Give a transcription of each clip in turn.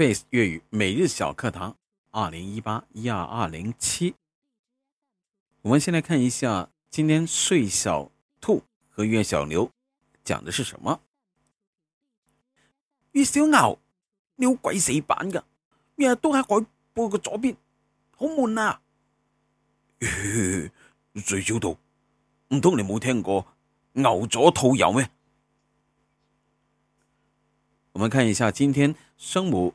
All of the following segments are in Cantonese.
Face 粵語每日小課堂二零一八一二二零七，我們先來看一下今天穗小兔和粵小牛講的是什麼。粵小牛，你好鬼死板噶，日日都喺海報嘅左邊，好悶啊！穗 小兔，唔通你冇聽過牛左兔右咩？我們看一下今天聲母。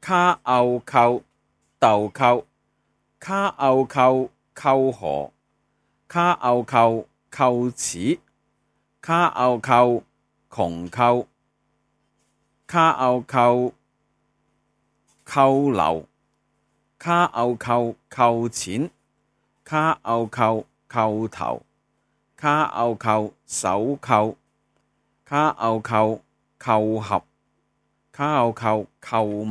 卡澳扣豆扣，卡澳扣扣河，卡澳扣扣齒，卡澳扣窮扣，卡澳扣扣僂，卡澳扣扣錢，卡澳扣扣頭，卡澳扣手扣，卡澳扣扣合，卡澳扣扣物。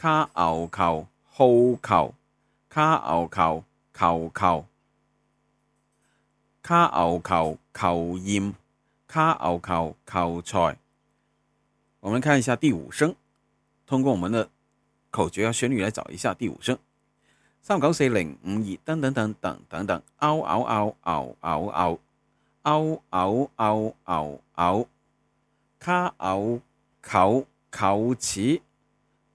卡牛球好球，卡牛球球球，卡牛球球髯，卡牛球球財。我們看一下第五聲，通過我們的口訣和旋律來找一下第五聲。三九四零五二，等等等等等等，嗷嗷嗷嗷嗷嗷嗷嗷嗷嗷。拗，卡拗球球齒。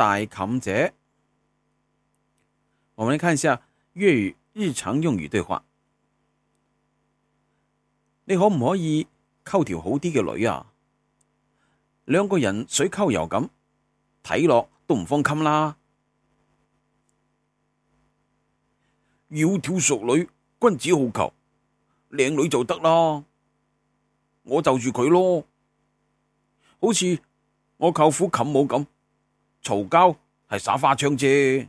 大妗姐，我們來看一下粵語日常用語對話。你可唔可以溝條好啲嘅女啊？兩個人水溝油咁，睇落都唔方禁啦。窈窕淑女，君子好逑。靚女就得啦，我就住佢咯。好似我舅父妗母咁。嘈交係耍花槍啫。